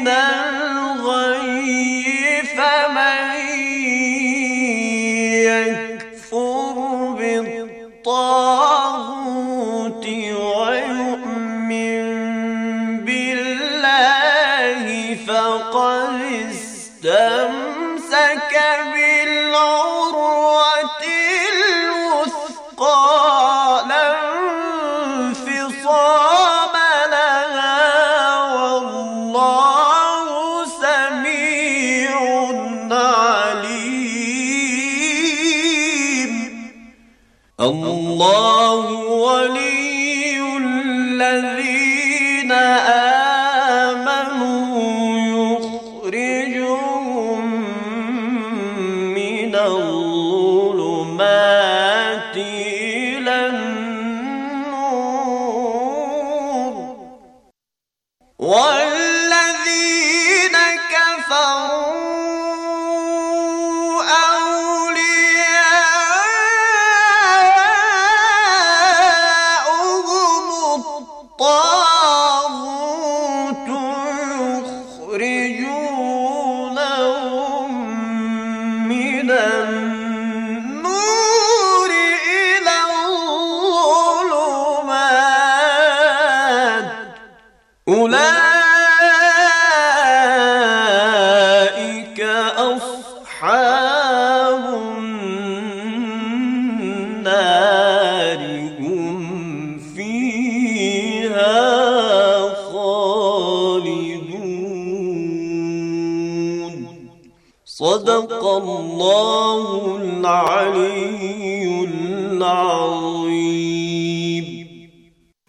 أوحينا azim.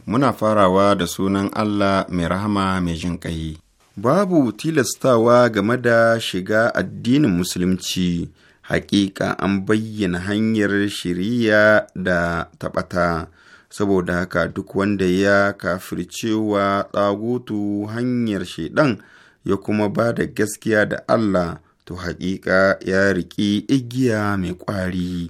Muna farawa da sunan Allah mai rahama mai jin ƙai. Babu tilastawa game da shiga addinin Musulunci, hakika an bayyana hanyar shiriya da taɓata, saboda haka duk wanda ya kafircewa tsagutu hanyar shaidan ya kuma ba da gaskiya da Allah, to haƙiƙa ya riƙi igiya mai ƙwari.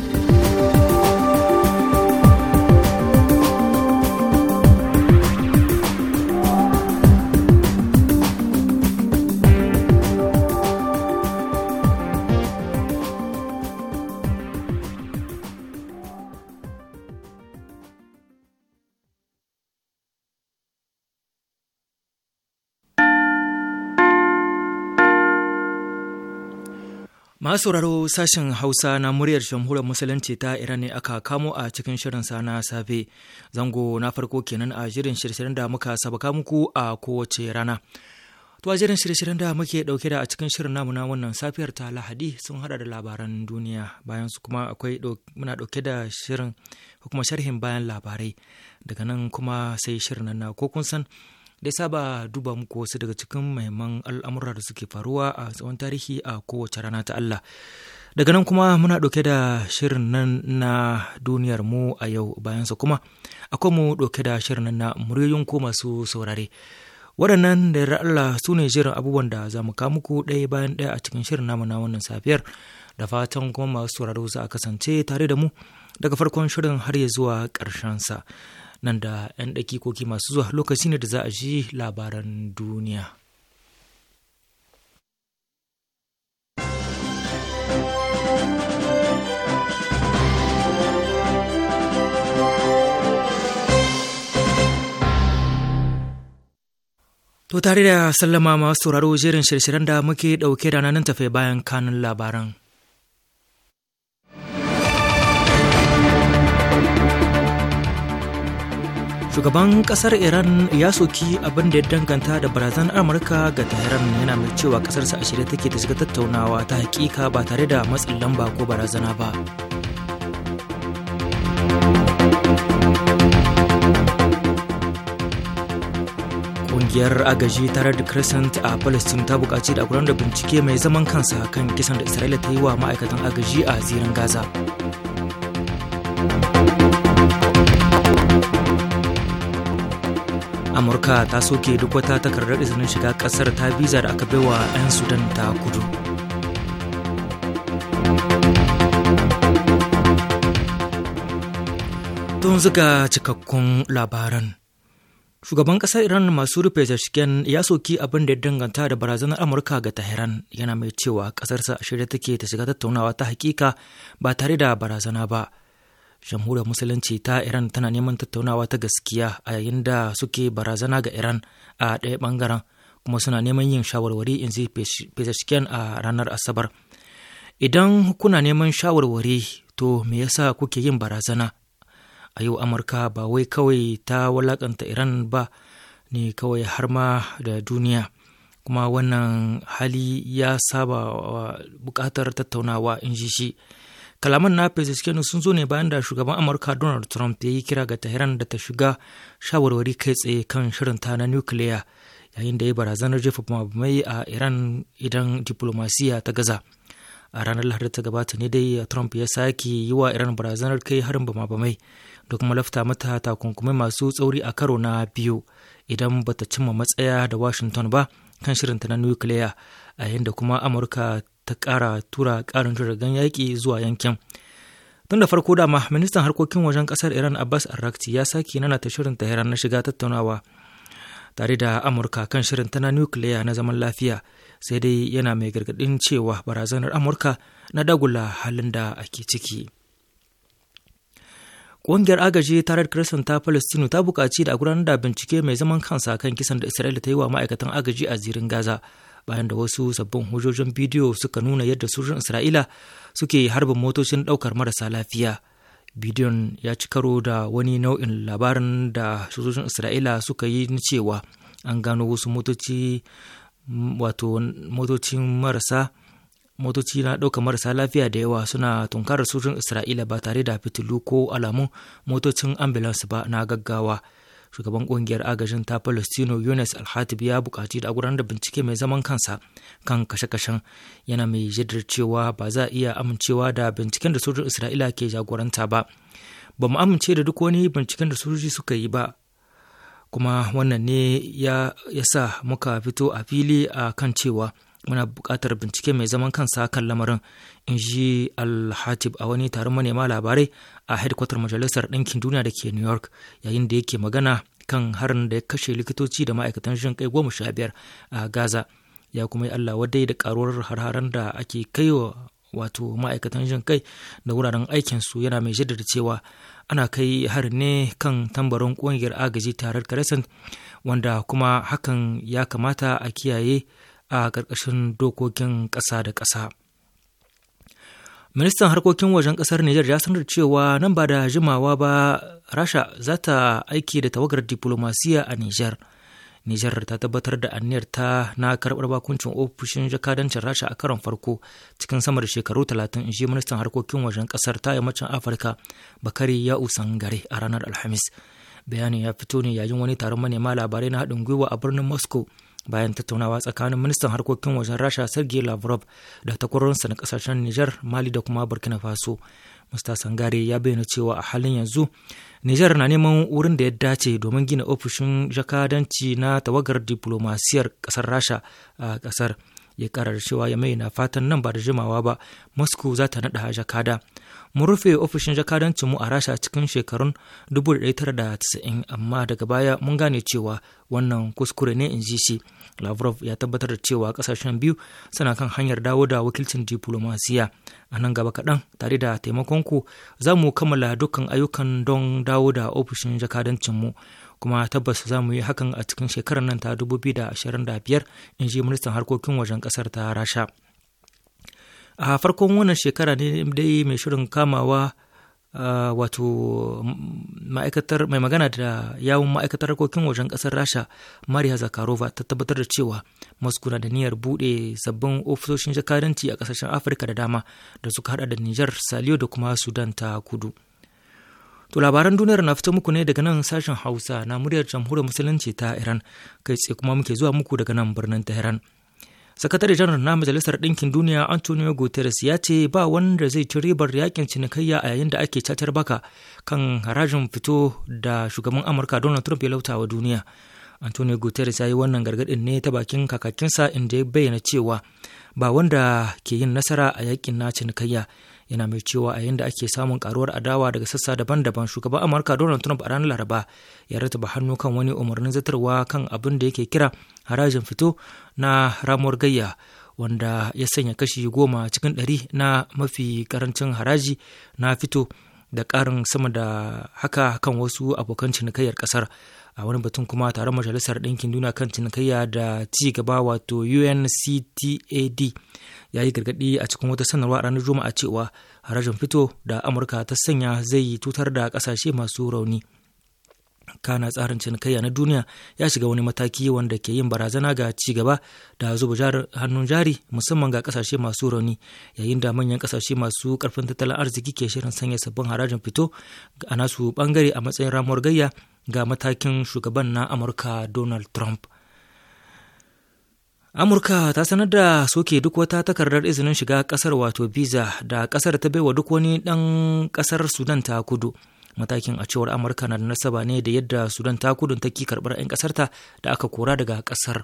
Ma sauraro sashen Hausa na muryar jamhuriyar Musulunci ta Iran ne aka kamo a cikin shirin sa na safe. Zango na farko kenan a shirin da muka sabaka muku a kowace rana. To a shirin shirye da muke dauke da a cikin shirin namu na wannan safiyar ta Lahadi sun hada da labaran duniya bayan su kuma akwai muna dauke da shirin kuma sharhin bayan labarai daga nan kuma sai shirin nan na ko kun san da saba duba muku wasu daga cikin mahimman al'amura da suke faruwa a tsawon tarihi a kowace rana ta Allah. Daga nan kuma muna ɗauke da shirin nan na duniyar mu a yau bayansa kuma akwai mu ɗauke da shirin nan na muryoyin ko masu saurare. Waɗannan da yarda Allah su ne shirin abubuwan da za mu kawo muku ɗaya bayan ɗaya a cikin shirin namu na wannan safiyar da fatan kuma masu sauraro za a kasance tare da mu daga farkon shirin har ya zuwa ƙarshensa. sa. nan da 'yan koki masu zuwa lokaci ne da za a ji labaran duniya. To tare da sallama masu sauraro jerin shirye-shiryen da muke ɗauke da nan tafe bayan kanun labaran. shugaban kasar iran ya soki abin da ya danganta da barazan amurka ga tehran yana mai cewa kasarsa a shirye take ta shiga tattaunawa ta hakika ba tare da matsin lamba ko barazana ba kungiyar agaji ta da crescent a palestine ta buƙaci da gudanar da bincike mai zaman kansa kan kisan da isra'ila ta yi wa ma'aikatan agaji a zirin gaza amurka ta soke duk wata takardar izinin shiga kasar ta biza da aka baiwa 'yan sudan ta kudu tun zuga cikakkun labaran shugaban kasar iran masu rufe zashiken ya soki abin da ya danganta da barazanar amurka ga tahiran yana mai cewa kasarsa a shirya take ta shiga tattaunawa ta hakika ba tare da barazana ba jamhuriyar musulunci ta iran tana neman tattaunawa ta gaskiya a yayin da suke barazana ga iran a ɗaya ɓangaren kuma suna neman yin shawarwari in ji pezeshkian a ranar asabar idan kuna neman shawarwari to me yasa kuke yin barazana a yau amurka ba wai kawai ta walakanta iran ba ne kawai har ma da duniya kuma wannan hali ya saba buƙatar tattaunawa in ji shi kalaman na Pezeshkian sun zo ne bayan da shugaban Amurka Donald Trump ya yi kira ga Tehran da ta shiga shawarwari kai tsaye kan shirin ta na nukiliya yayin da ya barazanar jefa mai a Iran idan diplomasiya ta gaza. A ranar Lahadi ta gabata ne dai Trump ya sake yi wa Iran barazanar kai harin mai da kuma lafta mata takunkumai masu tsauri a karo na biyu idan bata cimma matsaya da Washington ba kan shirinta na nukiliya a yayin da kuma Amurka ta ƙara tura ƙarin jiragen yaƙi zuwa yankin tun da farko dama ministan harkokin wajen ƙasar iran abbas arrakti ya sake nana ta shirin tehran na shiga tattaunawa tare da amurka kan shirin tana nukiliya na zaman lafiya sai dai yana mai gargaɗin cewa barazanar amurka na dagula halin da ake ciki Ƙungiyar agaji ta Red Crescent ta Palestino ta buƙaci da gudanar da bincike mai zaman kansa kan kisan da Isra'ila ta yi wa ma'aikatan agaji a zirin Gaza. bayan da wasu sabbin hujjojin bidiyo suka nuna yadda sojojin isra'ila suke harba motocin ɗaukar marasa lafiya bidiyon ya ci karo da wani nau'in labarin da sojojin isra'ila suka yi na cewa an gano wasu motoci wato motocin marasa motoci na ɗaukar marasa lafiya da yawa suna tunkarar sojojin isra'ila ba tare da fitilu ko alamun motocin ambulance ba na gaggawa shugaban kungiyar agajin ta palestino yunus alhatib ya bukaci da gudanar da bincike mai zaman kansa kan kashe-kashen yana mai jaddar cewa ba za a iya amincewa da binciken da sojin isra'ila ke jagoranta ba ba mu amince da duk wani binciken da sojoji suka yi ba kuma wannan ne ya sa muka fito a fili a kan cewa muna buƙatar bincike mai zaman kansa kan lamarin in ji alhatib a wani taron manema labarai a hedkwatar majalisar ɗinkin duniya da ke new york yayin da yake magana kan harin da ya kashe likitoci da ma'aikatan jin kai goma sha biyar a gaza ya kuma yi allah wadai da karuwar harharen da ake kai wa wato ma'aikatan jin kai da wuraren aikinsu yana mai jaddada cewa ana kai harin ne kan tambarin ƙungiyar agaji tarar crescent wanda kuma hakan ya kamata a kiyaye a ƙarƙashin dokokin ƙasa da ƙasa. Ministan harkokin wajen ƙasar Nijar ya sanar cewa nan ba da jimawa ba Rasha za ta aiki da tawagar diplomasiya a Nijar. Nijar ta tabbatar da anniyar ta na karɓar bakuncin ofishin jakadancin Rasha a karon farko cikin sama da shekaru talatin in ministan harkokin wajen ƙasar ta yammacin Afirka Bakari ya usan gare a ranar Alhamis. Bayanin ya fito ne yayin wani taron manema labarai na haɗin gwiwa a birnin Moscow bayan tattaunawa tsakanin ministan harkokin wajen rasha sergei lavrov da takwarorinsa na kasashen niger mali da kuma burkina faso mr sangare ya bayyana cewa a halin yanzu niger na neman wurin da ya dace domin gina ofishin jakadanci na tawagar diplomasiyar kasar rasha a kasar ya karar cewa ya mai na fatan nan ba da jimawa ba moscow za ta naɗa jakada Mun rufe ofishin mu a Rasha cikin shekarun 1990 amma daga baya mun gane cewa wannan kuskure ne in ji shi. Lavrov ya tabbatar da cewa kasashen biyu suna kan hanyar dawo da wakilcin diplomasiya. A nan gaba kaɗan tare da taimakonku za mu kammala dukkan ayyukan don dawo da ofishin mu kuma tabbas za mu yi hakan a cikin shekarar nan ta 2025 in ji ministan harkokin wajen kasar ta Rasha. a farkon wannan shekara ne dai mai shirin kamawa wato ma'aikatar mai magana da yawun ma'aikatar harkokin wajen kasar rasha maria zakarova ta tabbatar da cewa moscow na da niyyar bude sabbin ofisoshin jakadanci a kasashen afirka da dama da suka hada da niger saliyo da kuma sudan ta kudu to labaran duniyar na fito muku ne daga nan sashen hausa na muryar jamhuriyar musulunci ta iran kai tsaye kuma muke zuwa muku daga nan birnin tehran sakatare janar na majalisar ɗinkin duniya antonio guterres ya ce ba wanda zai ci ribar yakin cinikayya a yayin da ake cacar baka kan harajin fito da shugaban amurka donald trump ya lauta wa duniya antonio guterres ya yi wannan gargaɗin ne ta bakin kakakinsa inda ya bayyana cewa ba wanda ke yin nasara a yakin na cinikayya yana mai cewa a da ake samun karuwar adawa daga sassa daban-daban shugaban amurka donald trump a ranar laraba ya rataba hannu kan wani umarnin zatarwa kan abin da yake kira harajin fito na ramuwar gayya wanda ya sanya kashi goma cikin ɗari na mafi karancin haraji na fito da ƙarin sama da haka kan wasu abokan cinikayyar ƙasar a wani batun kuma taron majalisar ɗinkin duniya kan cinikayya da ci gaba wato unctad ya yi gargaɗi a cikin wata sanarwa a ranar juma'a cewa harajin fito da amurka ta sanya zai cutar da ƙasashe masu rauni kana tsarin cinikayya na duniya ya shiga wani mataki wanda ke yin barazana ga ci gaba da zuba hannun jari musamman ga kasashe masu rauni yayin da manyan kasashe masu karfin tattalin arziki ke shirin sanya sabbin harajin fito a nasu bangare a matsayin ramuwar gayya ga matakin shugaban na amurka donald trump Amurka ta sanar da soke duk wata takardar izinin shiga kasar wato visa da kasar ta baiwa duk wani dan kasar Sudan ta kudu. matakin a cewar amurka na da nasaba ne da yadda sudan ta kudun ki karbar 'yan kasarta da aka kora daga kasar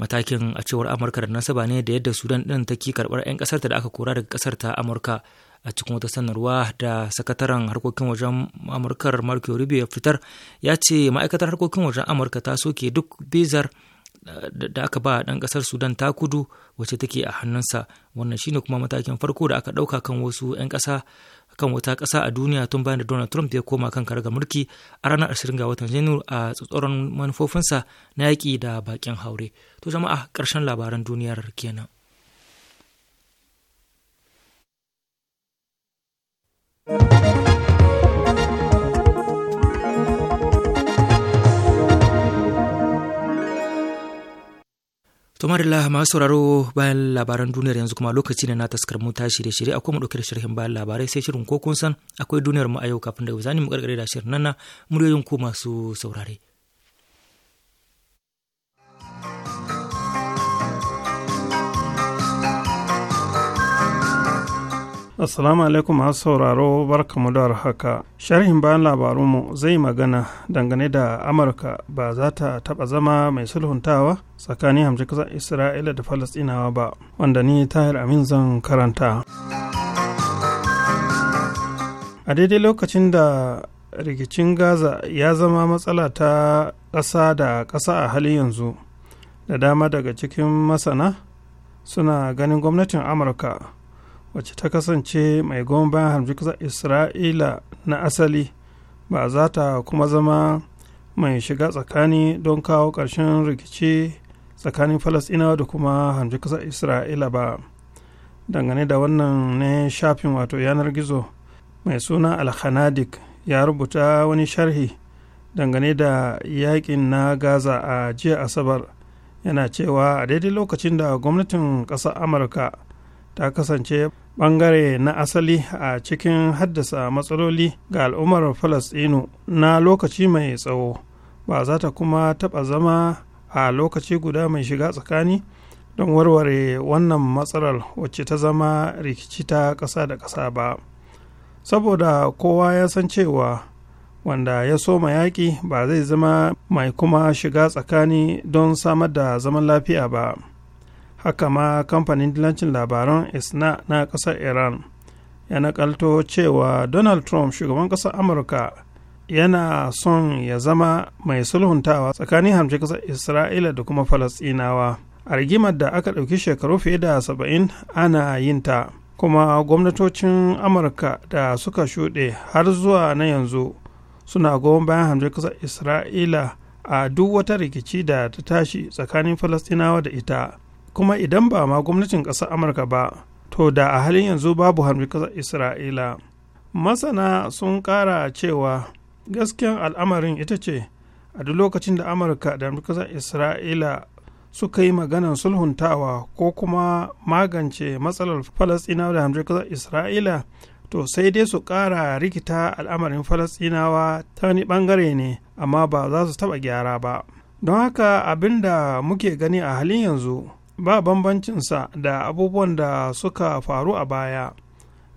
matakin a cewar amurka da nasaba ne da yadda sudan ɗin ki karbar 'yan kasarta da aka kora daga kasar. ta amurka a cikin wata sanarwa da sakataren harkokin wajen amurkar marco rubio ya fitar ya ce ma'aikatar harkokin wajen amurka ta soke duk bizar da aka ba ɗan kasar sudan ta kudu wacce take a hannunsa wannan shine kuma matakin farko da aka ɗauka kan wasu 'yan kasa. kan wata ƙasa a duniya tun bayan da Donald Trump ya koma kan karga mulki a ranar 20 ga watan Janairu a tsatsoron manufofinsa na yaƙi da baƙin haure. To jama'a ƙarshen labaran duniyar kenan. thank you Tumar Allah masu sauraro bayan labaran duniyar yanzu kuma lokaci ne na taskar mu ta shirye-shirye akwai mu ɗauke da bayan labarai sai shirin ko kun san akwai duniyar mu a yau kafin da zani mu karkare da shirin nan na muryoyin ku masu saurare. Assalamu alaikum masu sauraro barkamu da haka. Sharhin bayan labarunmu zai magana dangane da Amurka ba za ta taɓa zama mai sulhuntawa tsakanin hamci kasar Isra'ila da Falasɗinawa ba, wanda ni Tahir Amin zan karanta. A daidai lokacin da rikicin Gaza ya zama matsala ta ƙasa da ƙasa a hali yanzu, da dama daga cikin masana suna ganin gwamnatin Amurka. wacce ta kasance mai goma gomban hamjiksa isra'ila na asali ba za ta kuma zama mai shiga tsakani don kawo ƙarshen rikici tsakanin falasɗinawa da kuma kasa isra'ila ba dangane da wannan ne shafin wato yanar gizo mai suna alhanadik ya rubuta wani sharhi dangane da yakin na gaza a jiya asabar yana cewa a daidai lokacin da gwamnatin ƙasar amurka ta kasance bangare na asali a cikin haddasa matsaloli ga al'ummar Falasɗinu na lokaci mai tsawo ba za ta kuma taɓa zama a lokaci guda mai shiga tsakani don warware wannan matsalar wacce ta zama rikici ta ƙasa da ƙasa ba saboda kowa ya san cewa wanda ya soma yaƙi ba zai zama mai kuma shiga tsakani don samar da zaman lafiya ba. haka ma kamfanin dilancin labaran isna na ƙasar iran ya nakalto cewa donald trump shugaban ƙasar amurka yana son ya zama mai sulhuntawa tsakanin hamshe ƙasar isra'ila da kuma falasɗinawa a rigimar da aka ɗauki shekaru fiye da saba'in ana yin ta kuma gwamnatocin amurka da suka shuɗe har zuwa na yanzu suna goyon bayan hamshe ƙasar isra'ila a duk wata rikici da ta tashi tsakanin falasɗinawa da ita kuma idan ba ma gwamnatin ƙasar amurka ba to da a halin yanzu babu harbin ƙasar isra'ila masana sun ƙara cewa gaskiyan al'amarin ita ce a duk lokacin da amurka da ƙasar isra'ila suka yi maganar sulhuntawa ko kuma magance matsalar falasɗinawa da hamdar ƙasar isra'ila to sai dai su ƙara rikita al'amarin falasɗinawa ta wani ɓangare ne amma ba za su taɓa gyara ba don haka abin da muke gani a halin yanzu ba bambancinsa da abubuwan da suka faru a baya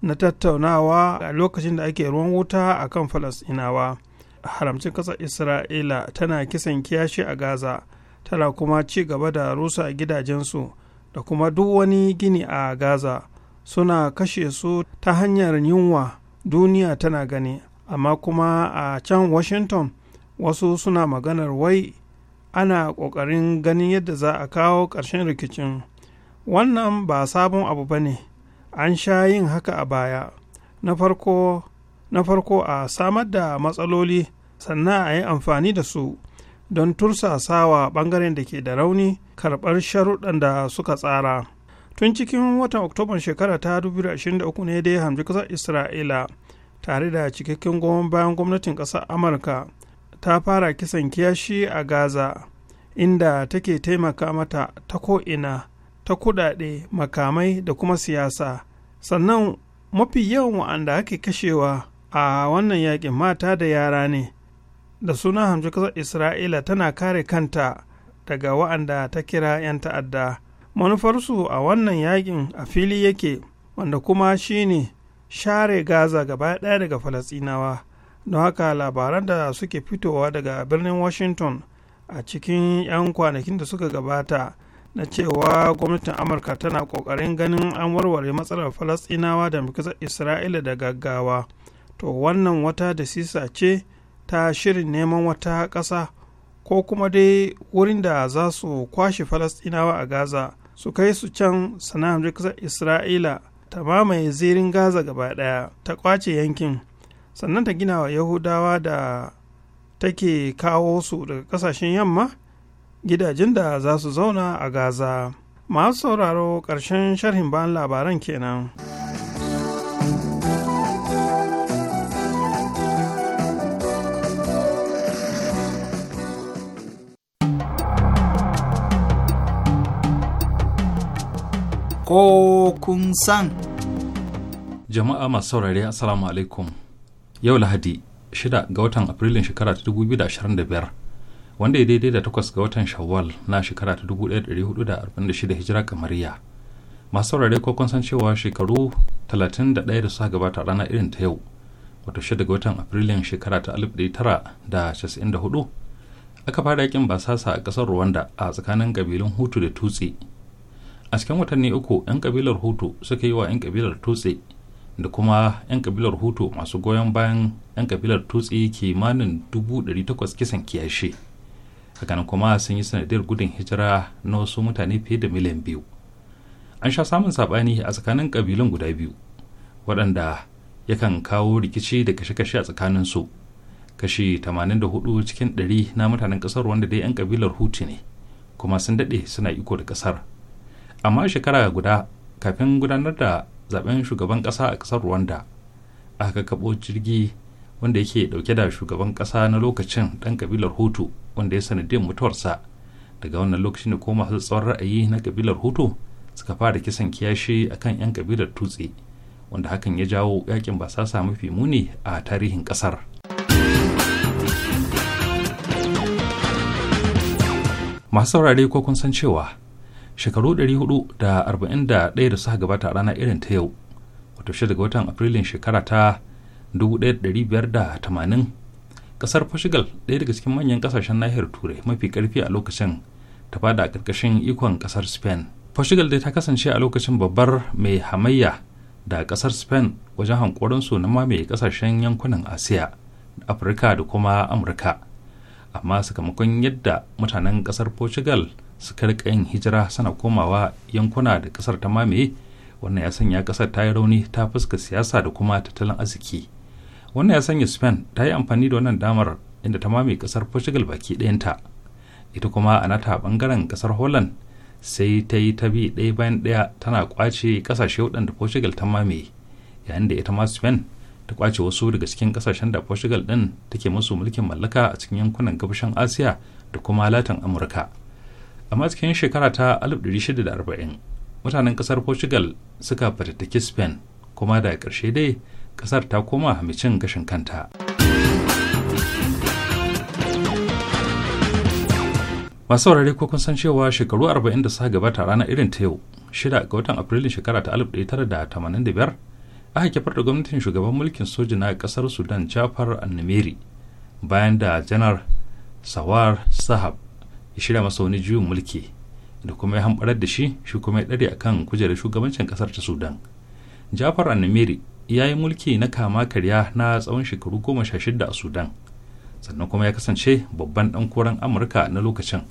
na tattaunawa a lokacin da ake ruwan wuta a kan falasinawa haramcin ƙasar isra'ila tana kisan kiyashi a gaza tana kuma ci gaba da rusa gidajensu da kuma duk wani gini a gaza suna kashe su ta hanyar yunwa duniya tana gani amma kuma a can washington wasu suna maganar wai ana ƙoƙarin ganin yadda za a kawo ƙarshen rikicin wannan ba sabon abu ba ne an sha yin haka a baya na farko a samar da matsaloli sannan a yi amfani da su don tursasawa ɓangaren da ke da rauni karɓar sharuɗan da suka tsara tun cikin watan oktoban shekara ta 2023 ne dai hamji ƙasar isra'ila tare da cikakken goma bayan gwamnatin ƙasar amurka ta fara kisan kiyashi a gaza inda take taimaka mata ta ko'ina ta kudade makamai da kuma siyasa sannan mafi yawan wa'anda ake kashewa a wannan yakin mata da yara ne da suna hamji kasar isra'ila tana kare kanta daga wa'anda ta kira 'yan ta'adda manufarsu a wannan yakin a fili yake wanda kuma shine share gaza gaba ɗaya daga falasinawa don haka labaran da suke fitowa daga birnin washington a cikin 'yan kwanakin da suka gabata na cewa gwamnatin amurka tana kokarin ganin an warware matsalar falasɗinawa da mikisar isra'ila da gaggawa to wannan wata da sisa ce ta shirin neman wata ƙasa ko kuma dai wurin da za su kwashe falasɗinawa a gaza su kai su can sana'ar mikisar isra'ila ta mamaye zirin gaza gaba ɗaya ta kwace yankin sannan ta gina wa yahudawa da take kawo su daga ƙasashen yamma gidajen da za su zauna a gaza masu sauraro ƙarshen sharhin bayan labaran kenan. ko kun san. Jama'a masu saurari Assalamu alaikum yau lahadi 6 ga watan afrilun shekara ta 2025 wanda ya daidai da takwas ga watan shawwal na shekara ta 1446 hijira kamariya masu saurare ko kun san cewa shekaru 31 da suka gabata rana irin ta yau wato 6 ga watan afrilun shekara ta 1994 aka fara yakin basasa a kasar rwanda a tsakanin kabilun hutu da tutsi a cikin watanni uku 'yan kabilar hutu suka yi wa 'yan kabilar tutsi da kuma 'yan kabilar hutu masu goyon bayan 'yan kabilar tutsi kimanin 800 kisan kiyashe hakanan kuma sun yi sanadiyar gudun hijira na wasu mutane fiye da miliyan biyu an sha samun saɓani a tsakanin ƙabilun guda biyu waɗanda yakan kawo rikici da kashe-kashe a tsakanin su kashi 84 cikin 100 na mutanen ƙasar wanda dai 'yan kabilar hutu ne kuma sun daɗe suna iko da ƙasar amma shekara guda kafin gudanar da zaben shugaban ƙasa a ƙasar rwanda aka kabo jirgi wanda yake dauke da shugaban ƙasa na lokacin ɗan kabilar hutu wanda ya sanadin mutuwarsa daga wannan lokacin da ko masu tsawon ra'ayi na kabilar hutu suka fara kisan kiyashi a kan 'yan kabilar tutse wanda hakan ya jawo yakin basasa mafi muni a tarihin ƙasar masu saurare ko kun san cewa shekaru 441 da suka gabata a rana irin ta yau wato daga watan afrilun shekara ta 1580 kasar portugal ɗaya daga cikin manyan kasashen nahiyar turai mafi karfi a lokacin ta fada a ƙarƙashin ikon kasar spain portugal dai ta kasance a lokacin babbar mai hamayya da kasar spain wajen su na mamaye kasashen yankunan asiya afirka da kuma amurka amma sakamakon yadda mutanen kasar portugal suka rika yin hijira sana komawa yankuna da kasar ta mamaye wannan ya sanya kasar ta yi rauni ta fuska siyasa da kuma tattalin arziki wannan ya sanya spain ta yi amfani da wannan damar inda ta mamaye kasar portugal baki ɗayanta ita kuma a nata bangaren kasar holland sai ta yi ta bi ɗaya bayan ɗaya tana kwace kasashe waɗanda portugal ta mamaye yayin da ita ma spain ta kwace wasu daga cikin kasashen da portugal ɗin take musu mulkin mallaka a cikin yankunan gabashin asiya da kuma latin amurka a matsayin shekara ta 1640 mutanen kasar portugal suka fatattaki spain kuma da ƙarshe dai kasar ta koma mai cin gashin kanta masu saurare ko kun san cewa shekaru 40 da suka gabata rana irin ta yau 6 ga watan afrilun shekara ta 1985 aka kifar da gwamnatin shugaban mulkin soja na kasar sudan jafar annamiri bayan da janar sawar sahab ya shirya masa wani juyin mulki da kuma ya hamɓarar da shi shi kuma ya ɗare akan kujerar shugabancin ƙasar ta sudan jafar annamiri ya yi mulki na kama karya na tsawon shekaru goma sha shida a sudan sannan kuma ya kasance babban ɗan koren amurka na lokacin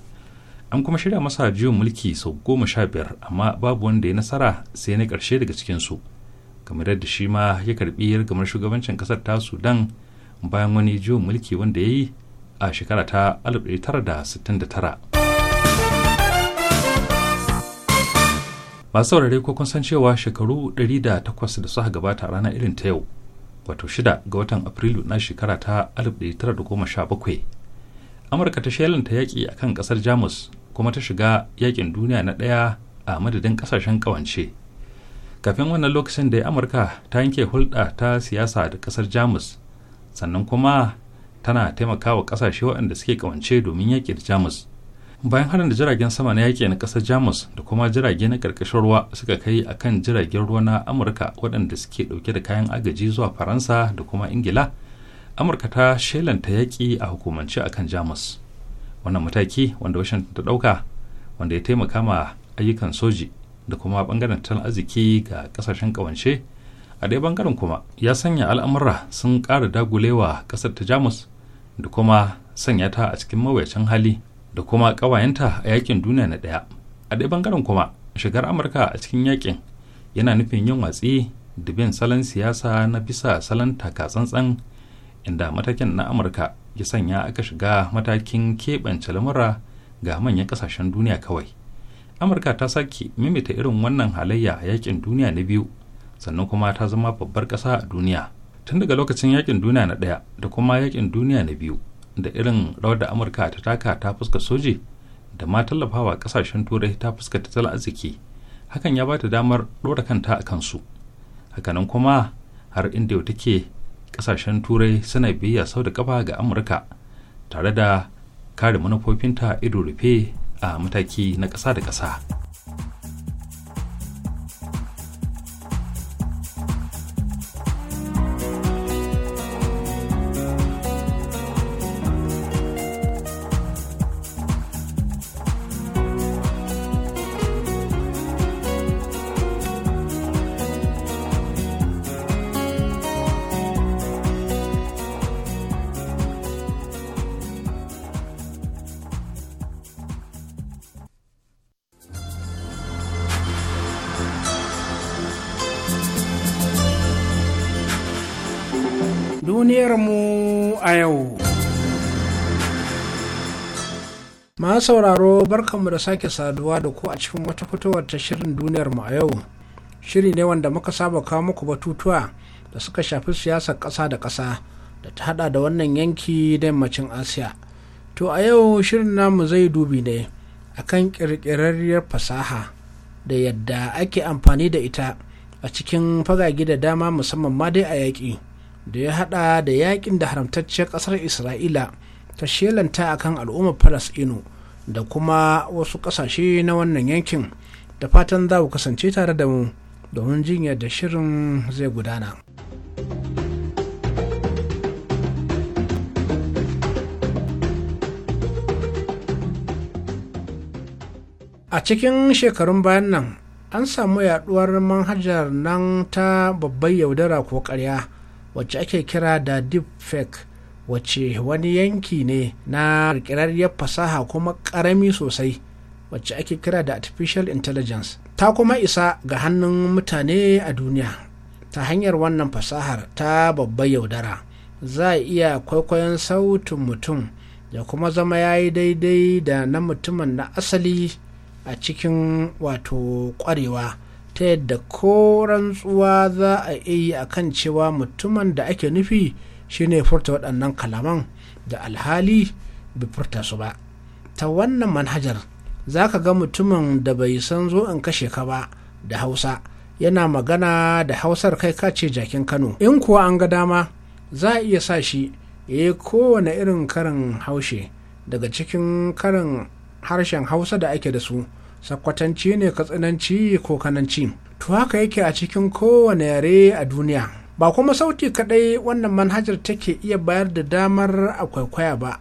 an kuma shirya masa juyin mulki sau goma sha biyar amma babu wanda ya nasara sai na ƙarshe daga cikinsu kamar da shi ma ya karɓi yargamar shugabancin ƙasar ta sudan bayan wani juyin mulki wanda ya yi a shekara ta 1969 masu saurare ko kun san cewa shekaru 108 da suka gabata a ranar irin ta yau wato shida ga watan afrilu na shekara ta 1917 amurka ta ta yaƙi a kan ƙasar jamus kuma ta shiga yaƙin duniya na ɗaya a madadin ƙasashen ƙawance kafin wannan lokacin da amurka ta yanke hulɗa ta siyasa da ƙasar jamus sannan kuma tana taimakawa kasashe waɗanda suke kawance domin yaƙi da jamus bayan harin da jiragen sama na yaƙi na ƙasar jamus da kuma jirage na ƙarƙashin ruwa suka kai a kan jiragen ruwa na amurka waɗanda suke ɗauke da kayan agaji zuwa faransa da kuma ingila amurka ta shelanta yaƙi a hukumance akan jamus wannan mataki wanda washington ta ɗauka wanda ya taimaka ma ayyukan soji da kuma ɓangaren tattalin arziki ga ƙasashen ƙawance a dai bangaren kuma ya sanya al'amura sun ƙara dagulewa ƙasar ta jamus da kuma sanya ta a cikin mawuyacin hali da kuma ƙawayenta a yakin duniya na ɗaya a ɗaya bangaren kuma shigar amurka a cikin yakin yana nufin yin watsi da bin salon siyasa na bisa salon taka tsantsan inda matakin na amurka ya sanya aka shiga matakin keɓance lamura ga manyan ƙasashen duniya kawai amurka ta sake mimita irin wannan halayya a yakin duniya na biyu sannan kuma ta zama babbar ƙasa a duniya tun daga lokacin yakin duniya na ɗaya da kuma yakin duniya na biyu da irin rawar da amurka ta taka ta fuska soji da ma tallafawa ƙasashen turai ta fuska tattalin arziki hakan ya ba ta damar ɗora kanta a kansu hakanan kuma har inda yau take ƙasashen turai suna biyayya sau da kafa ga amurka tare da kare manufofinta ido rufe a mataki na ƙasa da ƙasa. sauraro barkanmu da sake saduwa da ku a cikin wata fitowar ta shirin duniyar mu a yau. Shiri ne wanda muka saba kawo muku batutuwa da suka shafi siyasar ƙasa da ƙasa da ta hada da wannan yanki da yammacin Asiya. To a yau shirin namu zai dubi ne akan kirkirarriyar fasaha da yadda ake amfani da ita a cikin fagage da dama musamman ma dai a yaƙi da ya hada da yakin da haramtacciyar ƙasar Isra'ila ta shelanta akan al'ummar Falasɗinu. da kuma wasu ƙasashe na wannan yankin da fatan za ku kasance tare da mu domin jin da shirin zai gudana. a cikin shekarun bayan nan an samu yaduwar manhajar nan ta babbar yaudara ko karya wacce ake kira da deepfake wacce wani yanki ne na kirkirarriyar fasaha kuma karami sosai wacce ake kira da artificial intelligence ta kuma isa ga hannun mutane a duniya ta hanyar wannan fasahar ta babba yaudara za a iya kwaikwayon sautin mutum ya kuma zama ya yi daidai da na mutumin na asali a cikin wato kwarewa ta yadda ko rantsuwa za a iya akan cewa mutumin da ake nufi shine furta waɗannan kalaman da alhali bai furta su ba ta wannan manhajar za ka ga mutumin da bai san zo in kashe ka ba da hausa yana magana da hausar kai kace jakin kano in kuwa an ga dama za a iya sa shi ya yi kowane irin karin haushe daga cikin karin harshen hausa da ake da su sakwatanci ne katsinanci ko kananci to haka yake a cikin kowane yare a duniya ba kuma sauti kadai wannan manhajar take iya bayar da damar a kwaikwaya ba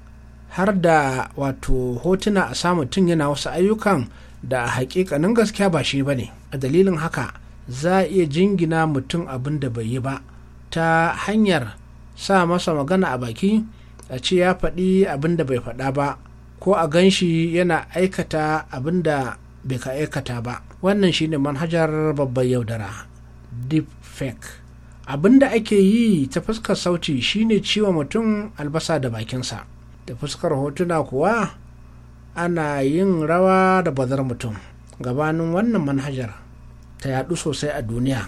har da wato hotuna a samun tun yana wasu ayyukan da hakikanin gaskiya ba shi ba ne a dalilin haka za a iya jingina mutum abin da bai yi ba ta hanyar sa masa magana a baki a ce ya faɗi abin da bai faɗa ba ko a gan shi yana aikata abin da bai ka aikata ba wannan shine manhajar babbar yaudara deep fake abin da ake yi ta fuskar sauti shine ciwa mutum albasa da bakinsa da fuskar hotuna kuwa ana yin rawa da bazar mutum gabanin wannan manhajar ta yadu sosai a duniya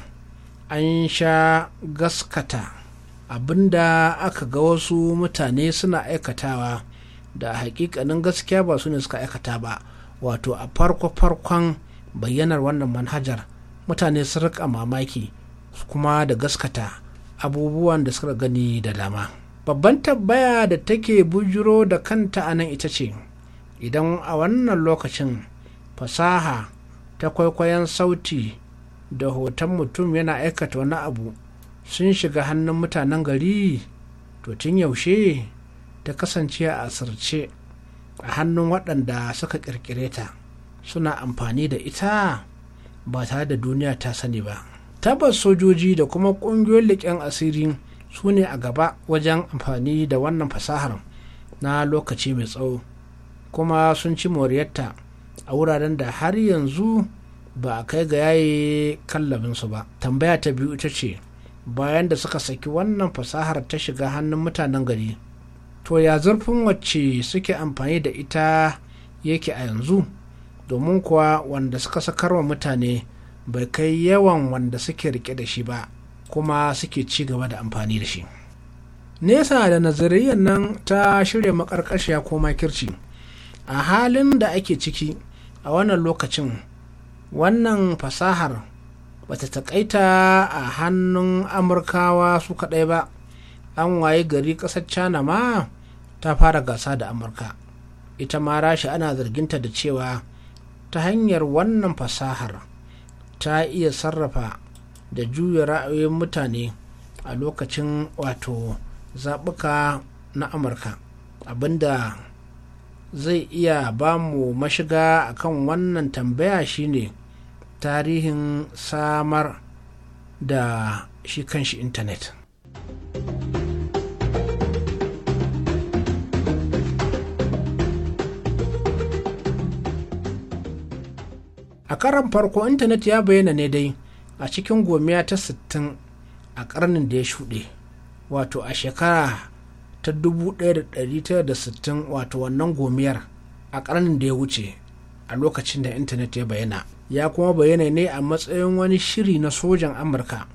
an sha gaskata abinda aka ga wasu mutane suna aikatawa da hakikanin gaskiya ba su ne suka aikata ba wato a farko-farkon bayyanar wannan manhajar mutane sun rika mamaki kuma da gaskata abubuwan da suka gani da dama babban tabbaya da take bujuro da kanta a nan ita ce idan a wannan lokacin fasaha ta kwaikwayon sauti da hoton mutum yana aikata wani abu sun shiga hannun mutanen gari to tun yaushe ta kasance a asirce a hannun waɗanda suka ƙirƙire ta suna amfani da ita ba tare da duniya ta sani ba tabbas sojoji da kuma ƙungiyoyin leƙen asiri su ne a gaba wajen amfani da wannan fasahar na lokaci mai tsawo kuma sun ci moriyarta a wuraren da har yanzu ba a kai ga yaye kallabinsu ba tambaya ta biyu ita ce bayan da suka saki wannan fasahar ta shiga hannun mutanen gari to ya zurfin wacce suke amfani da ita yake a yanzu domin kuwa wanda suka sakarwa mutane bai kai yawan wanda suke rike da shi ba kuma suke ci gaba da amfani da shi nesa da nazariyar nan ta shirya makarkashiya ko makirci a halin da ake ciki a wannan lokacin wannan fasahar bata takaita a hannun amurkawa su kaɗai ba an waye gari ƙasar china ma ta fara gasa da amurka ita ma rashi ana zarginta da cewa ta hanyar wannan fasahar ta iya sarrafa da juya ra'ayoyin mutane a lokacin wato zaɓuka na amurka abinda zai iya ba mu mashiga akan wannan tambaya shine tarihin samar da shi kanshi intanet. a karan farko intanet ya bayyana ne dai a cikin gomiya ta 60 a karnin da ya shuɗe wato a shekara ta 1960 wato wannan gomiyar a karnin da ya wuce a lokacin da intanet ya bayyana ya kuma bayyana ne a matsayin wani shiri na sojan amurka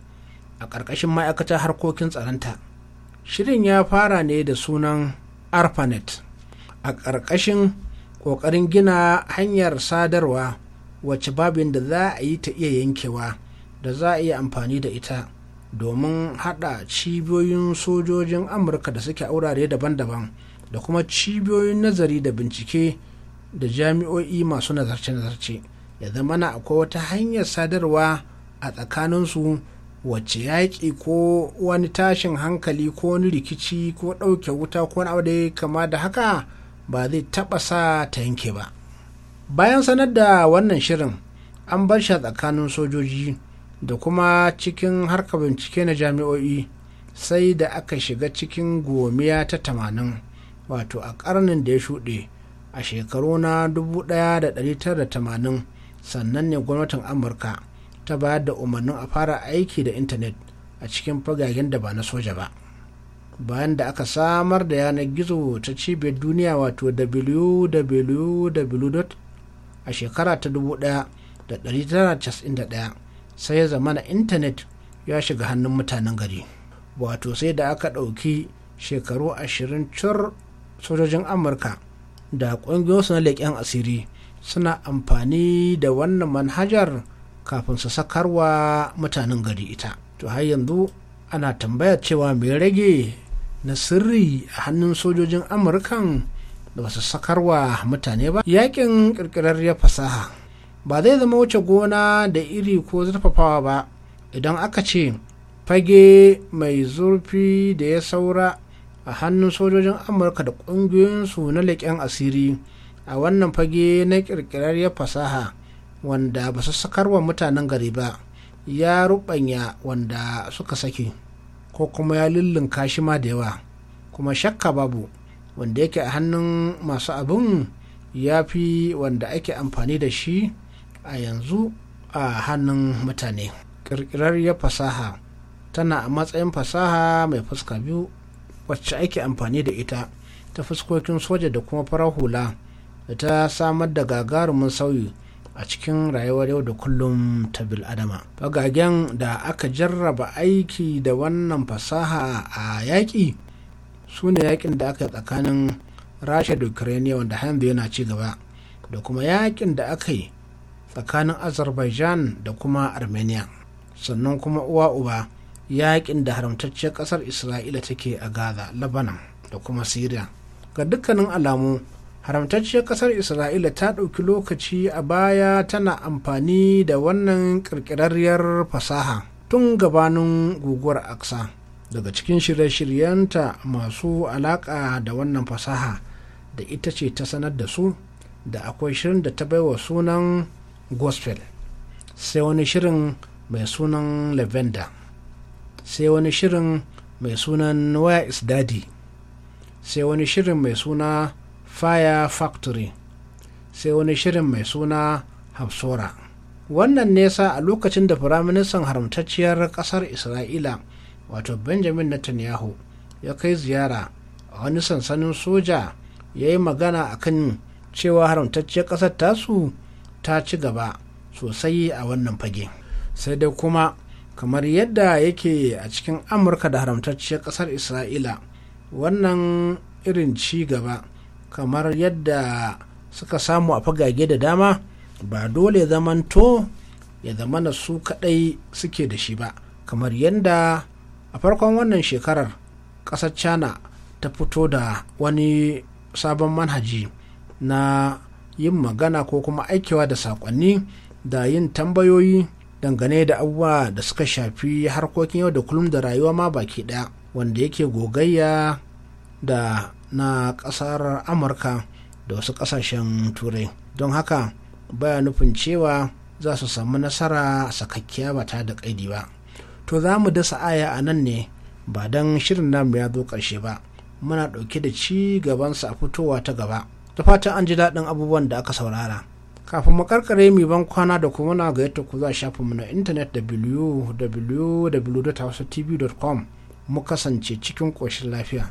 a ƙarƙashin ma'aikatar harkokin tsaronta shirin ya fara ne da sunan arpanet a ƙarƙashin ƙoƙarin gina hanyar sadarwa wacce babin da za a yi ta iya yankewa da za a iya amfani da ita domin haɗa cibiyoyin sojojin amurka da suke aurare daban-daban da kuma cibiyoyin nazari da bincike da jami'o'i masu nazarce-nazarce ya zama na akwai wata hanyar sadarwa a tsakaninsu wacce yaƙi ko wani tashin hankali ko wani rikici ko ɗauke wuta ko wani kama da haka ba zai taɓa sa ta yanke ba. bayan sanar da wannan shirin an bar shi a tsakanin sojoji da kuma cikin harkar bincike na jami'o'i sai da aka shiga cikin gomiya ta tamanin wato a karnin da ya shuɗe a shekaru na 1980 sannan ne gwamnatin amurka ta bayar da umarnin a fara aiki da intanet a cikin fagagen da ba na soja ba bayan da aka samar da yanar gizo ta cibiyar duniya wato www a shekara ta 1991 sai ya zama na intanet ya shiga hannun mutanen gari wato sai da aka ɗauki shekaru 20 cur sojojin amurka da ƙungiyoyinsu na leƙen asiri suna amfani da wannan manhajar kafin su sakarwa mutanen gari ita to har yanzu ana tambaya cewa mai rage na sirri a hannun sojojin amurkan da ba su wa mutane ba yakin ya fasaha ba zai zama wuce gona da iri ko zurfafawa ba idan aka ce fage mai zurfi da ya saura a hannun sojojin amurka da ƙungiyoyinsu na leƙen asiri a wannan fage na ya fasaha wanda ba su sakar wa mutanen gari ba ya ruɓanya wanda suka sake ko kuma ya lullunka shi ma da yawa kuma shakka babu wanda yake a hannun masu abin ya fi wanda ake amfani da shi a yanzu a hannun mutane ƙirƙirarriyar fasaha tana a matsayin fasaha mai fuska biyu wacce ake amfani da ita ta fuskokin soja da kuma farar hula da ta samar da gagarumin sauyi a cikin rayuwar yau da kullum ta bil'adama fagagen da aka jarraba aiki da wannan fasaha a yaƙi su ne yakin da aka yi tsakanin rasha da ukraine wanda hanzu yana ci gaba da kuma yakin da aka yi tsakanin azerbaijan da kuma armenia sannan kuma uwa uba yakin da haramtacciyar kasar isra'ila take a gaza labanan da kuma syria ga dukkanin alamu haramtacciyar kasar isra'ila ta ɗauki lokaci a baya tana amfani da wannan kirkirarriyar fasaha tun gabanin guguwar aksa daga cikin shirye-shiryenta masu alaƙa da wannan fasaha da ita ce ta sanar da su da akwai shirin da ta baiwa sunan gospel sai wani shirin mai sunan lavender sai wani shirin mai sunan where is daddy sai wani shirin mai suna fire factory sai wani shirin mai suna hafsora wannan nesa a lokacin da firaministan haramtacciyar ƙasar isra'ila wato benjamin netanyahu ya kai ziyara a wani sansanin soja ya yi magana a kan cewa haramtacciyar ƙasar tasu ta ci gaba sosai a wannan fage sai dai kuma kamar yadda yake a cikin amurka da haramtacciyar ƙasar isra'ila wannan irin ci gaba kamar yadda suka samu a fagage da dama ba dole zamanto ya zamana su kadai suke da shi ba kamar yadda a farkon wannan shekarar ƙasar china ta fito da wani sabon manhaji na yin magana ko kuma aikewa da saƙonni da yin tambayoyi dangane da abubuwa da suka shafi harkokin yau da kullum da rayuwa ma baki ɗaya wanda yake gogayya da na ƙasar amurka da wasu ƙasashen turai don haka baya nufin cewa za su samu nasara sakakkiya ba ta da ƙaidi ba to za mu dasa aya a nan ne ba don shirin namu ya zo ƙarshe ba muna ɗauke da ci gabansa a fitowa ta gaba ta fatan an ji daɗin abubuwan da aka saurara kafin mu karkare mu ban kwana da kuma na ga yadda ku za shafin mu na intanet www.hausatv.com mu kasance cikin ƙoshin lafiya.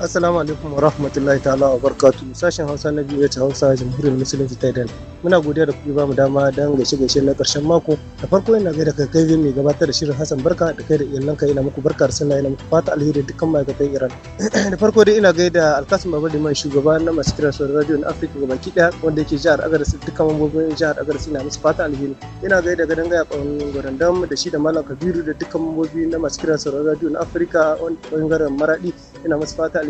Assalamu alaikum wa rahmatullahi ta'ala wa barkatu sashen Hausa na biyu ta Hausa Jamhuriyar Musulunci ta Idan. Muna godiya da kuke bamu dama don gaishe gaishe na karshen mako. Da farko ina gaida kai kai mai gabatar da shirin Hassan Barka da kai da iyalanka ina muku barka da sallah ina muku fata alheri dukkan ma'aikatan Iran. da farko dai ina gaida Alkasim Babadi mai shugaba na masu kiran sauran radio na Afirka baki daya wanda yake jihar Agadez dukkan mambobin jihar Agadez ina musu fata alheri. Ina gaida gadon gaya kwanin gwarandam da shi da Malam Kabiru da dukkan mambobi na masu kiran sauran radio na Afirka wani bangaren Maradi ina musu fata alheri.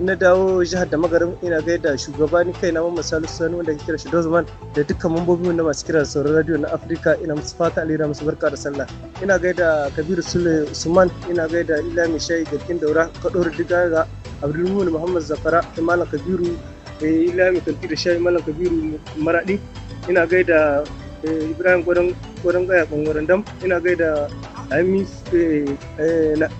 na dawo jihar da magarin ina gaida shugaba ni kai na mamman salisu sani wanda ke kira shi dozman da dukkan mambobi na masu kiran sauran radio na afirka ina musu fata alira musu barka da sallah ina gaida kabiru sule usman ina gaida ila mai shayi kin daura diga ga abdulmumin muhammad zafara malam kabiru eh, ila mai kanti da shayi malam kabiru maradi ina gaida eh, ibrahim gwadon gaya kwangwaren dam ina gaida Amis eh,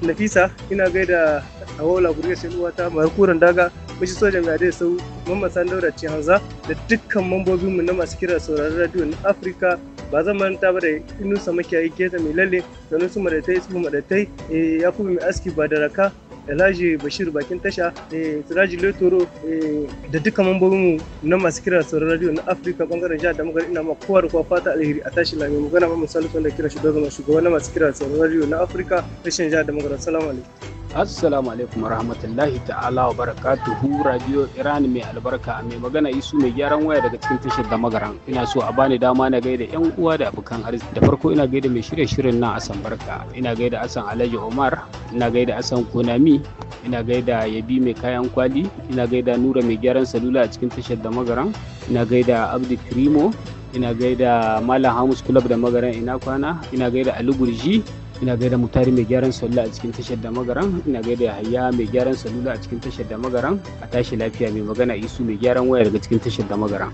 Nafisa ina gaida a wola guriyar sai uwata markuran daga mashi sojan gade sau mamman sandaura ce hanza da dukkan mambobinmu na masu kira sauraron radio na Afirka ba zan manta ba da inu sama kiyaye keta mai lalle da nusu madatai su madatai eh, ya kuma mai aski ba da raka Elaji Bashir Bakin Tasha, eh, Siraji Letoro eh, da duka mu na masu kira sauran radio na Afirka bangaren jihar da magana ina ma kowar da fata alheri a tashi lami magana ma misali da kira shugaban shugaban na masu kira sauran radio na Afirka rashin jihar da magana. Salamu alaikum. assalamu alaikum rahmatullahi ta'ala wa hu radio iran mai albarka mai magana isu mai gyaran waya daga cikin tashar da magaran ina so a bani dama na gaida yan uwa da abokan arziki da farko ina gaida mai shirye shirin nan asan barka ina gaida asan alhaji omar ina gaida asan konami ina gaida yabi mai kayan kwali ina gaida nura mai gyaran salula a cikin tashar da magaran ina gaida abdi krimo ina gaida malam hamus club da magaran ina kwana ina gaida ali gurji ina gaida mutari mai gyaran salula a cikin tashar da magaran ina gaida yahaya mai gyaran salula a cikin tashar da magaran a tashi lafiya mai magana isu mai gyaran waya daga cikin tashar da magaran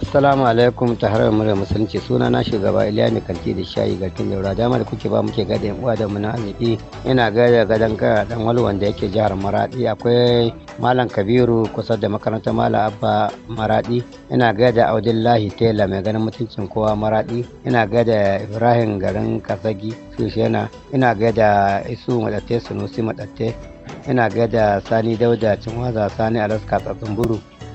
assalamu alaikum ta harar murar musulunci suna na shugaba iliya mai kanti da shayi garkin daura dama da kuke ba muke gada yan uwa da muna arziki ina gada gadon kara dan wani wanda yake jihar maradi akwai malam kabiru kusa da makarantar malam abba maradi ina gada audillahi tela mai ganin mutuncin kowa maradi ina gada ibrahim garin kasagi sushena ina gada isu madatte sunusi madatte ina gada sani dauda cinwaza sani alaska tsatsun buru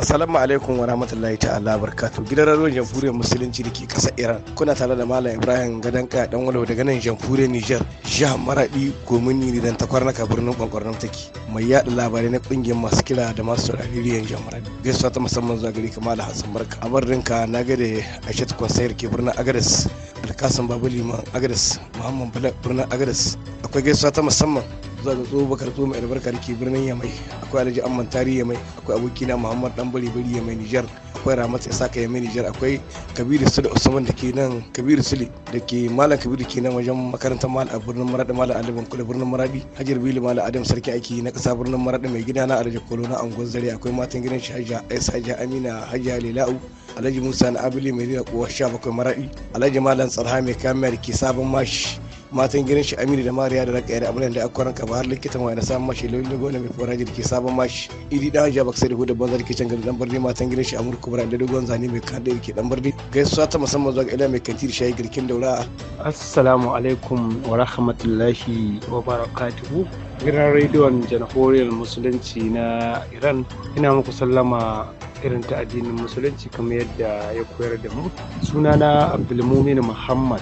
Assalamu alaikum wa rahmatullahi ta'ala barkatu gidan radiyon jamhuriyar musulunci da ke ƙasar Iran kuna tare da Malam Ibrahim Gadanka dan walau daga nan jamhuriyar Niger jihar Maradi ni dan takwar naka birnin Kwankwarnan take mai yada labarai na kungiyar masu kira da masu saurari riyan jihar Maradi gaisuwa ta musamman zuwa gari kamar Hassan Barka a barinka na gade Aishat kwasayar ke birnin Agadas Alkasan Babu Liman Agadas Muhammad Bala birnin Agadas akwai gaisuwa ta musamman zaga tso bakar tso mai albarkar ke birnin yamai akwai alhaji amman tarihi yamai akwai abokina muhammad dan bari bari yamai nijar akwai ramat isaka yamai nijar akwai kabiru sule usman da ke nan kabiru sule da ke malam kabiru ke nan wajen makarantar mal a birnin maradi malam aliban kula birnin maradi hajar bili malam adam sarki aiki na kasa birnin maradi mai gida na alhaji kolo na angon zare akwai matan gidan shi hajja aisa hajja amina hajja lela'u alhaji musa na abili mai nuna kowa sha bakwai maradi alhaji malam tsarha mai kamar ke sabon mashi matan gidan shi aminu da mariya da rakaya da abulan da aka ranka ba har likitan wani samun mashi lauyin gona mai fara da sabon mashi idi dan jabak sai da hudu banza da ke can gari dan birni matan gidan shi amurka bura da dogon zane mai kada da ke dan birni gaisuwa ta musamman zuwa ga ila mai kanti da shayi girkin daura assalamu alaikum wa rahmatullahi wa barakatuhu gidan rediyon janahoriyar musulunci na iran ina muku sallama irin ta addinin musulunci kamar yadda ya koyar da mu sunana abdulmumin muhammad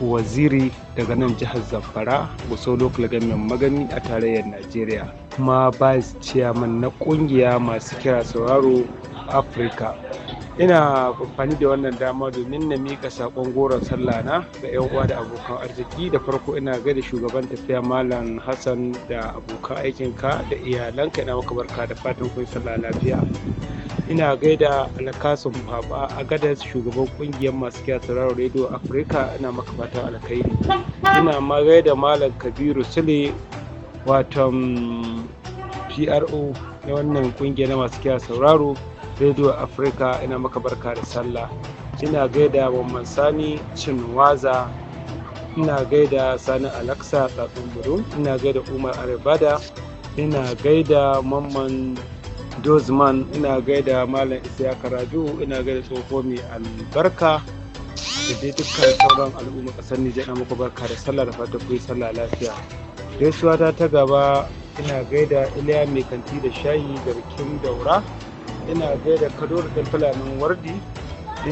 waziri daga nan jihar zamfara gusau local government magani a tarayyar najeriya kuma vice chairman na kungiya masu kira sauraro afirka ina amfani da wannan dama domin na mika sakon goron sallah na ga yan uwa da abokan arziki da farko ina gaida shugaban tafiya malam hassan da abokan aikinka da iyalanka ina maka barka da fatan kun sallah lafiya ina gaida alkasun baba a gadar shugaban kungiyar masu kiyaye sauraron radio afirka ina maka fatan alkhairi ina ma gaida malam kabiru sule watan pro na wannan kungiyar masu kiyaye sauraro radio africa ina maka barka da sallah ina gaida wa sani Chinwaza, ina gaida sani alaksa tsatsun buru ina gaida umar Arebada, ina gaida mamman dozman ina gaida malam isiyaka raju ina gaida tsoho mai albarka da dai dukkan sauran al'umma ƙasar nijar na muku barka da sallah da fata ku yi sallah lafiya gaisuwa ta ta gaba ina gaida iliya mai kanti da shayi garkin daura ina gaida kadoro da fulanin wardi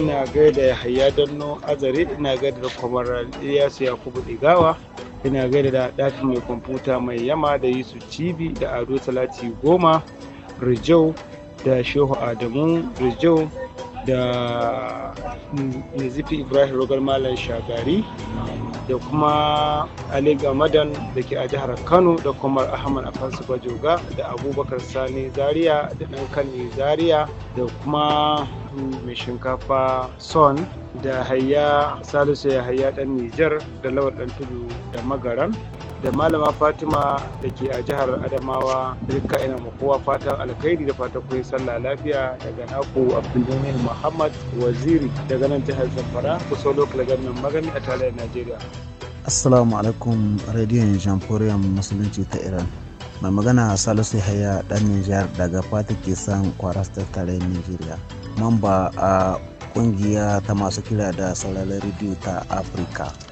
ina gaida yahaya danno azare ina gaida da kwamar iyasu yakubu digawa ina gaida da ɗafi mai kwamfuta mai yama da yusuf cibi da ado salati goma rijau da shehu adamu rijau da nizifi ibrahim rogar malam shagari da kuma ali gamadan da ke a jihar kano da kuma ahmad afansu bajoga da abubakar sani zaria da dan kani zaria da kuma mai shinkafa son da hayya salisu ya hayya dan nijar da lawar dan tudu da magaran da malama fatima da ke a jihar adamawa duka ina kowa fatan alkhairi da fatan kun sallah lafiya daga naku abdulmumin muhammad waziri daga nan jihar zamfara kusa lokal gannan magani a tarayyar nigeria. assalamu alaikum rediyon jamhuriyar musulunci ta iran mai magana salisu haya dan nijar daga fata ke san kwaras ta nigeria mamba a kungiya ta masu kira da sauraron rediyo ta afirka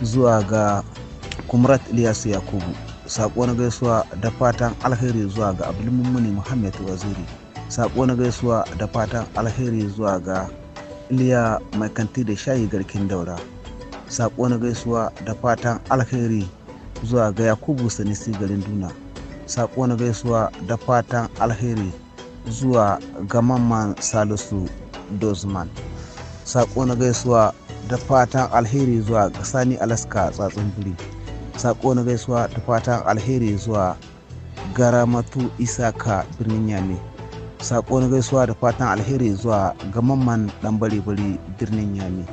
zuwa ga kumrat ilyasu yakubu sako na gaisuwa da fatan alheri zuwa ga abdulmumuni muhammad waziri sako na gaisuwa da fatan alheri zuwa ga iliya mai kanti da shayi garkin daura sako na gaisuwa da fatan alheri zuwa ga yakubu sanisi garin duna sako na gaisuwa da fatan alheri zuwa ga mamman salisu dozman sako na gaisuwa da fatan alheri zuwa sani alaska tsatsin biri sako na gaisuwa da fatan alheri zuwa garamatu isaka birnin yame sako na gaisuwa da fatan alheri zuwa gamamman dan bari-bari birnin yame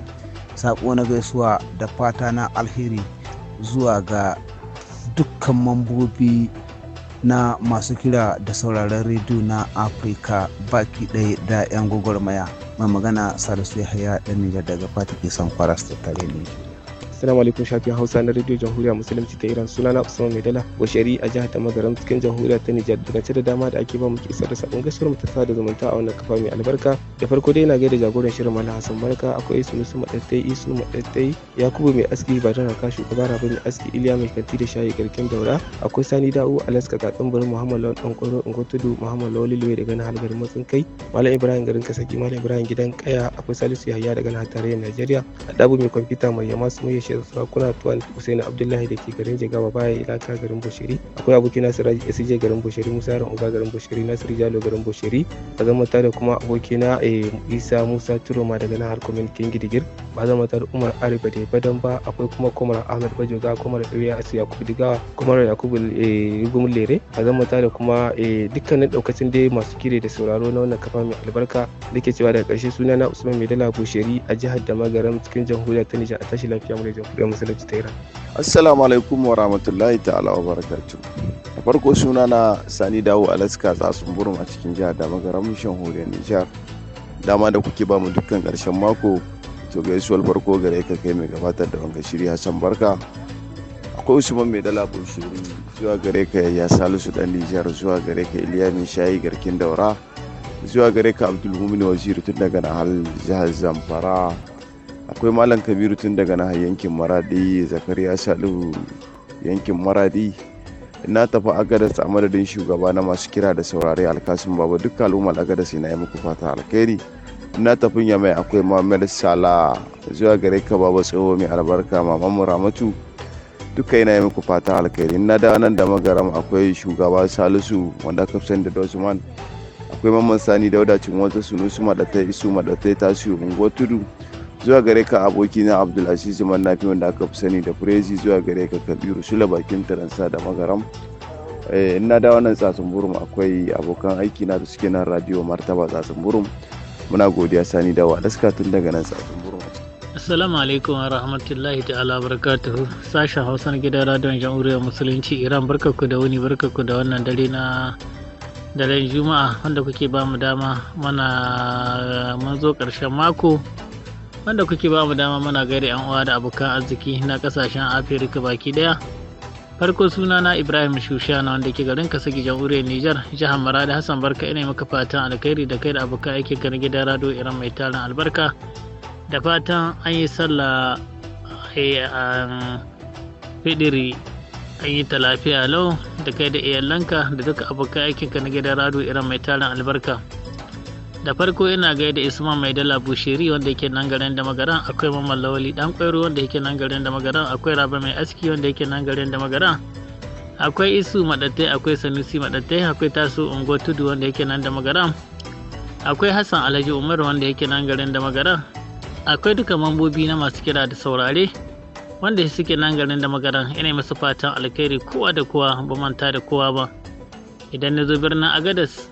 sako na gaisuwa da fata na alheri zuwa ga dukkan mambobi na masu kira da sauraron rediyo na afirka baki ɗaya da 'yan gwagwarmaya mai magana salisu haya ɗan nijar daga fata isan kwaras tare ne Assalamu alaikum shafin Hausa na Radio Jamhuriya Musulunci ta Iran suna na Usman Maidala Bashari a jihar ta Magaram cikin Jamhuriya ta Nijar daga da dama da ake ba mu isar da sabon gaskiyar mu ta sada zumunta a wannan kafa mai albarka da farko dai na gaida jagoran shirin Malam Hassan Barka akwai Isu Musu madaddai Isu madaddai Yakubu mai aski ba da raka shugaba Rabi mai aski Iliya mai kanti da shayi garken daura akwai Sani Da'u Alaska Katsin Bari Muhammad Lawan Dan Kwaro Tudu Muhammad lawan lilwe daga nan halgarin matsin kai Malam Ibrahim garin Kasaki Malam Ibrahim gidan Kaya akwai Salisu Yahaya daga nan tarayyar Najeriya dabu mai kwamfuta mai yama su mai bashir sarakuna tuwan husaini abdullahi da ke garin jigawa baya ilaka garin bushiri akwai aboki nasiru sj garin bushiri musa yaron uba garin bushiri nasiru jalo garin bushiri ba zama ta da kuma aboki na eh, isa musa turoma daga nahar kwamin king gidigir ba zama ta da umar Arifa da badan ba akwai kuma kwamar Ahmad bajoga Komar ɗauya asu yakubu digawa Komar yakubu rigum eh, lere ba zama ta da kuma eh, dukkanin daukacin dai masu kire da sauraro na wannan kafa mai albarka da ke cewa daga ƙarshe suna na usman maidala bushiri a jihar da magaram cikin jamhuriyar ta nijar a tashi lafiya mu da jamhuriyar musulunci ta iran assalamu alaikum wa rahmatullahi ta'ala wa barakatu a farko suna na sani dawo alaska tsatsun burum a cikin jihar da magaramin shan horiyar nijar dama da kuke ba mu dukkan karshen mako to gaisuwar farko gare ka kai mai gabatar da wanga shiri hassan barka akwai usman mai dala shiri zuwa gare ka ya salisu dan nijar zuwa gare ka iliya mai shayi garkin daura zuwa gare ka abdulmumin waziri tun daga hal jihar zamfara akwai malam kabiru tun daga na yankin maradi zakariya salihu yankin maradi na tafi agadas a madadin shugaba na masu kira da saurari alkasun baba duk al'ummar agadas na yi muku fata alkhairi na tafi mai akwai mamar sala zuwa gare ka baba tsoho mai albarka maman ramatu duka yana yi muku fata alkhairi na da nan da magaram akwai shugaba salisu wanda aka fi da dosman akwai mamman sani daudacin wata sunusu madatai isu madatai tasiru bungo tudu zuwa gare ka aboki na abdulaziz nafi wanda aka fi sani da prezi zuwa gare ka kabiru shula bakin taransa da magaram eh, ina da wannan tsatsun burum akwai abokan aiki na da suke nan radio martaba tsatsun burum muna godiya sani da wadaska tun daga nan tsatsun burum Assalamu alaikum wa rahmatullahi ta'ala barakatuhu sashen hausa na gidan radiyon jamhuriyar musulunci iran barkaku da wuni barkaku da wannan dare na daren juma'a wanda kuke ba mu dama mana mun zo ƙarshen mako wanda kuke ba mu dama muna gaida yan uwa da abokan arziki na kasashen afirka baki daya farko suna na ibrahim shushana wanda ke garin kasagi jamhuriyar nijar jihar da hassan barka ina maka fatan alkhairi da kai da abokan aiki kan gidan rado iran mai tarin albarka da fatan an yi sallah eh, a fidiri an yi ta lafiya lau da kai da iyalanka da duka abokan aikinka na gidan rado iran mai tarin albarka da farko ina gaida isma mai dala bushiri wanda yake nan garin da magaran akwai mamman lawali dan kwairo wanda yake nan garin da magaran akwai raba mai aski wanda yake nan garin da magaran akwai isu madatai akwai sanusi madatai akwai taso ungo tudu wanda yake nan da magaran akwai hassan alhaji umar wanda yake nan garin da magaran akwai duka mambobi na masu kira da saurare wanda suke nan garin da magaran ina masu fatan alkhairi kowa da kowa ba manta da kowa ba idan na zo birnin agadas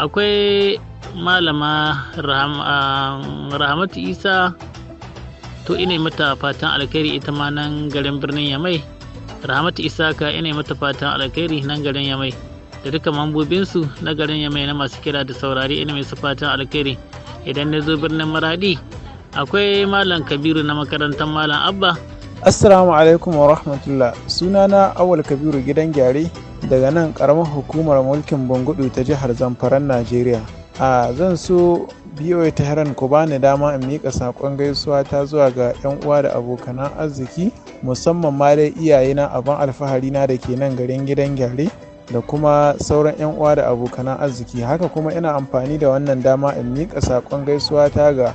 akwai malama ah, rahamatu isa to ina mata fatan alkhairi ita ma nan garin birnin yamai rahamatu isaka ina mata fatan alkhairi nan garin yamai da duka mambobinsu na garin yamai na masu kira da saurari ina mai fatan alkhairi idan na zo birnin maradi akwai malam kabiru na makarantar malam abba assalamu alaikum wa rahmatullah sunana awal kabiru gidan gyare daga nan karamar hukumar mulkin bangudu ta jihar zamfaran najeriya a zan so biyoyi ta heran ku bani dama in miƙa saƙon gaisuwa ta zuwa ga 'yan uwa da abokanan arziki musamman ma dai iyayena abin alfahari na da ke nan garin gidan gyare da kuma sauran 'yan uwa da abokanan arziki haka kuma ina amfani da wannan dama in miƙa saƙon gaisuwa ta ga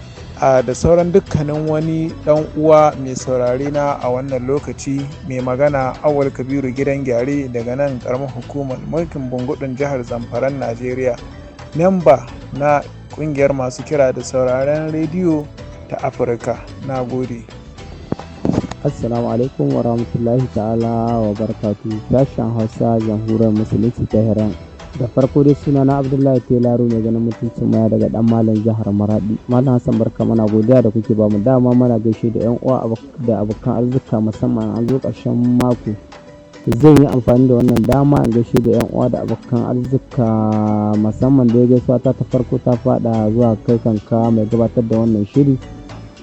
a da sauran dukkanin wani dan uwa mai saurari na a wannan lokaci mai magana awal kabiru gidan gyare daga nan karamar hukumar mulkin bungudun jihar zamfaran najeriya memba na kungiyar masu kira da sauraren rediyo ta afirka na gode assalamu alaikum wa rahmatullahi ta'ala wa barkatu sashen hausa jamhuriyar musulunci ta da farko dai suna na abdullahi telaro mai ganin mutuncin maya daga dan malam jihar maradi malam hassan barka mana godiya da kuke ba bamu dama mana gaishe da yan uwa da abokan arzika musamman an zo karshen mako zan yi amfani da wannan dama in gaishe da yan uwa da abokan arzika musamman da ya gaisuwa ta ta farko ta fada zuwa kai kanka mai gabatar da wannan shiri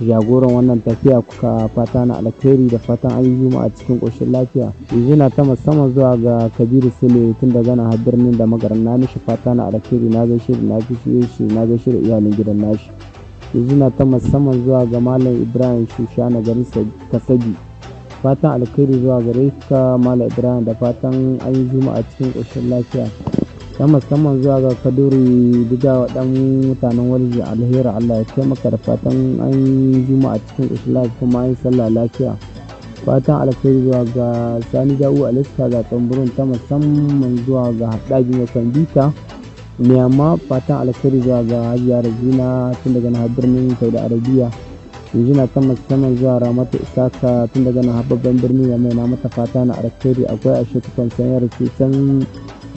jagoran wannan tafiya kuka fata na alkhairi da fatan an yi a cikin ƙoshin lafiya yanzu ta musamman zuwa ga kabiru sule tun da gana har birnin da magaran na mishi fata na alkhairi na gaishe da na shi na gaishe da iyalin gidan nashi yanzu ta musamman zuwa ga malam ibrahim shushana garin kasabi fatan alkhairi zuwa gare ka malam ibrahim da fatan an yi a cikin ƙoshin lafiya ta musamman zuwa ga kaduri diga wa mutanen warji alheri allah ya taimaka da fatan an yi juma'a cikin islam kuma an yi sallah lafiya fatan alkhairi zuwa ga sani da'u alista ga tamburin ta musamman zuwa ga haɗaji na kwambita amma fatan alkhairi zuwa ga hajiya rajina tun daga na birnin saudi arabiya yanzu na ta musamman zuwa ramata isaka tun daga na babban birnin ya mai na mata fata na alkhairi akwai a shekutan sanyar cutan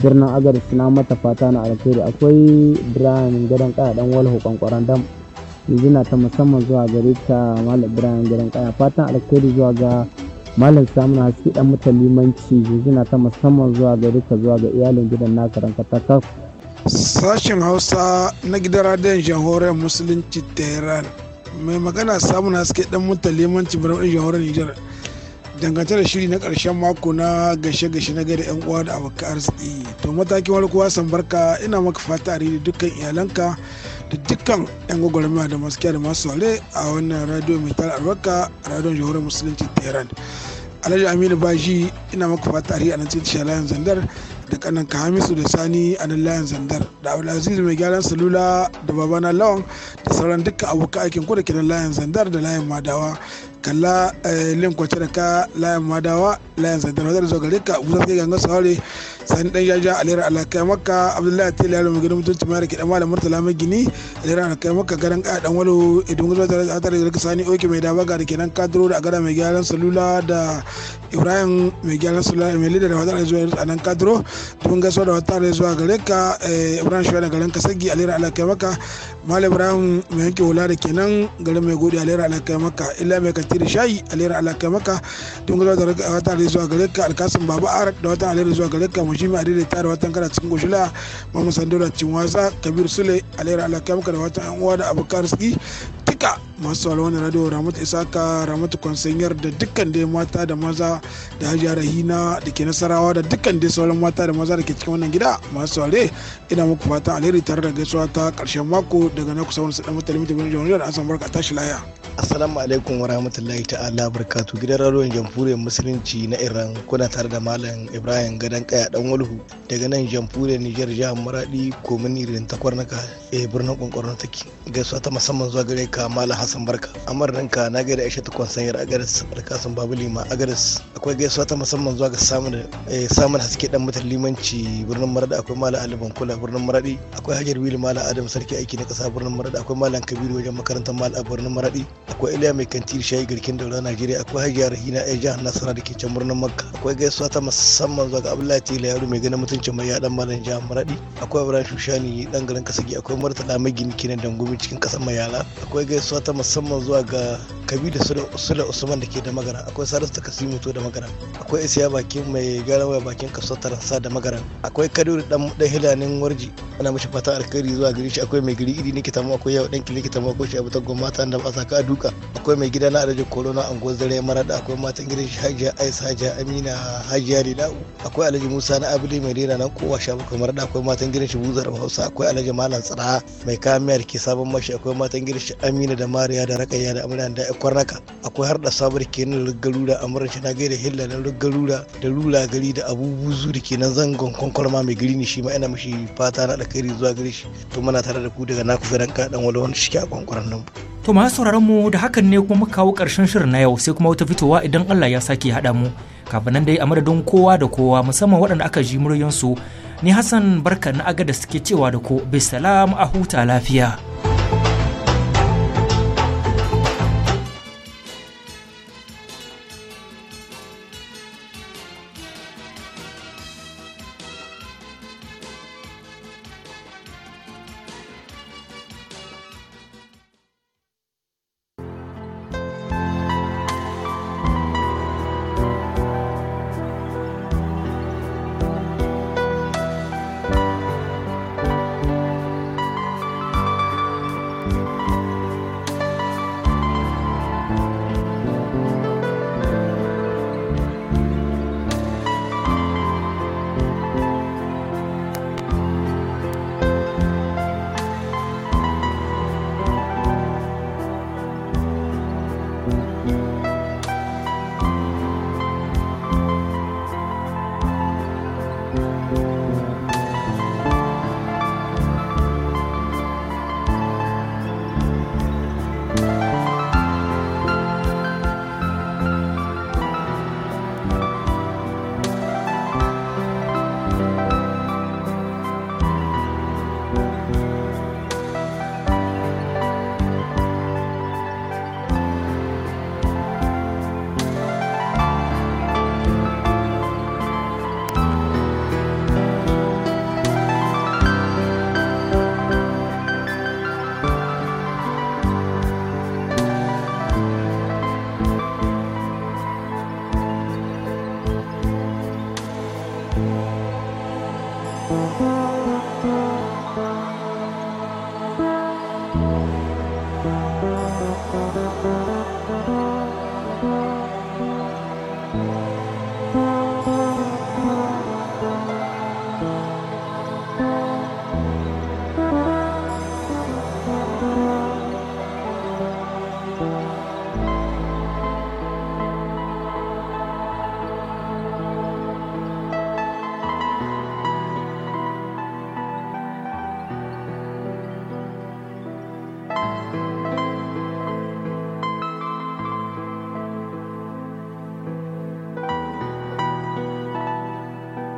birnin agar na mata fata na alkhairi akwai birnin gadon kaya dan walho kwankwaran dam yanzu ta musamman zuwa gare ta malam birnin gadon kaya fatan alkhairi zuwa ga malam samun haske dan mutan limanci yanzu ta musamman zuwa gare ta zuwa ga iyalin gidan naka ranka ta kaf sashen hausa na gidan radiyon jamhuriyar musulunci tehran mai magana samun haske dan mutan limanci birnin jamhuriyar nijar dangantar da shiri na karshen mako na gashe-gashe na gari 'yan uwa da abokan arziki to matakin wani kuwa san barka ina maka fata a da dukkan iyalanka da dukkan 'yan gwagwarmaya da masu da masu saurare a wannan radio mai tara albarka radion jihohar musulunci tehran alhaji aminu baji ina maka fata a nan cikin layin zandar da kanan ka hamisu da sani a nan layan zandar da abdulaziz mai gyaran salula da babana lawan da sauran dukkan abokan aikin ku da layin layan zandar da layan madawa kalla eh, lin kwace da ka layan madawa layan zantar da zo gare ka busa sai ganga sani dan jaja alera alakai maka abdullahi tela yaro mai gidan mutunci mara rike dan malam murtala mai gini alera alakai maka garan kaya dan walo idan gudu ta tare da sani oke mai dabaga da kenan kadro da gara mai gyaran salula da ibrahim mai gyaran salula mai lida da wata da zuwa a nan kadro don gaso da wata da zuwa gare ka eh, ibrahim shawara a kasagi alera alakai maka malam ibrahim mai yanke hula da kenan garin mai gode alera alakai maka illa mai da shayi alera alakai maka don gaso da wata da zuwa gare ka alkasin baba arak da wata alera zuwa gare ka goshi mai adai da watan kana cikin goshi mamu sandola cin wasa kabir sule alera alakam maka watan yan uwa karski duka masu sauraron wannan radio ramatu isaka ramatu kwansanyar da dukkan dai mata da maza da hajiya rahina da ke nasarawa da dukkan dai sauran mata da maza da ke cikin wannan gida masu saurare ina muku fata alheri tare da gaisuwa ta karshen mako daga na kusa wani sadan mutane mutum da jamhuriyar da asan barka tashi laya assalamu alaikum wa rahmatullahi ta'ala barkatu gidan radio jamhuriyar musulunci na iran kuna tare da malam ibrahim gadan kaya dan walhu daga nan jamhuriyar nijar jihar maradi komini rintakwar naka eh, birnin kwankwaron take gaisuwa ta musamman zuwa gare ka malam hassan barka amurninka na gaida aisha tukwan sanyar agaris alkasun babu lima agaris akwai gaisuwa ta musamman zuwa ga samun eh, samun haske dan mutan limanci birnin maradi akwai malam ali bankula birnin maradi akwai hajar wili malam adam sarki aiki na kasa birnin maradi akwai malam kabiru wajen makarantar malam a birnin maradi akwai iliya mai kantin shayi garkin daura najeriya akwai hajiya rahina a jihar nasara da ke can birnin makka akwai gaisuwa ta musamman zuwa ga abdullahi tela yaro mai ganin mutuncin mai dan malam jihar maradi akwai ibrahim shushani dan garin kasagi akwai murtala magini gini kinan dangumi cikin kasar mayala akwai gaisuwa ta musamman zuwa ga da sula usman da ke da magana akwai ta takasimu to da magana akwai isiya bakin mai waya bakin ta taransa da magana akwai kaduri dan dan hilanin warji ana mishi fata alkhairi zuwa gari shi akwai mai gari idi nikita mu akwai yau dan likita mu akwai shi abu goma ta da ba ka duka akwai mai gida na arajin corona angon zare marada akwai matan gidan shi hajiya Aisha, hajiya amina hajiya ridau akwai alhaji musa na abdi mai rera nan kowa sha bakwai marada akwai matan gidan shi buzar hausa akwai alhaji malam tsara mai kamiyar ke sabon mashi akwai matan gidan shi amina sila da mariya da rakayya da amurya da ikon raka akwai har da sabar kenan ruggarura amurya shi na gaida hilla da ruggarura da lula gari da abubuwa da kenan zangon kwankwarma mai gari ne shi ma ina mashi fata na alkhairi zuwa gari shi to muna tare da ku daga naku firan ka dan wani shi a kwankwaran nan. to masu sauraron mu da hakan ne kuma muka kawo karshen shirin na yau sai kuma wata fitowa idan Allah ya sake haɗa mu kafin nan dai a madadin kowa da kowa musamman waɗanda aka ji muryansu ni Hassan barka na agada suke cewa da ko bisalam a huta lafiya.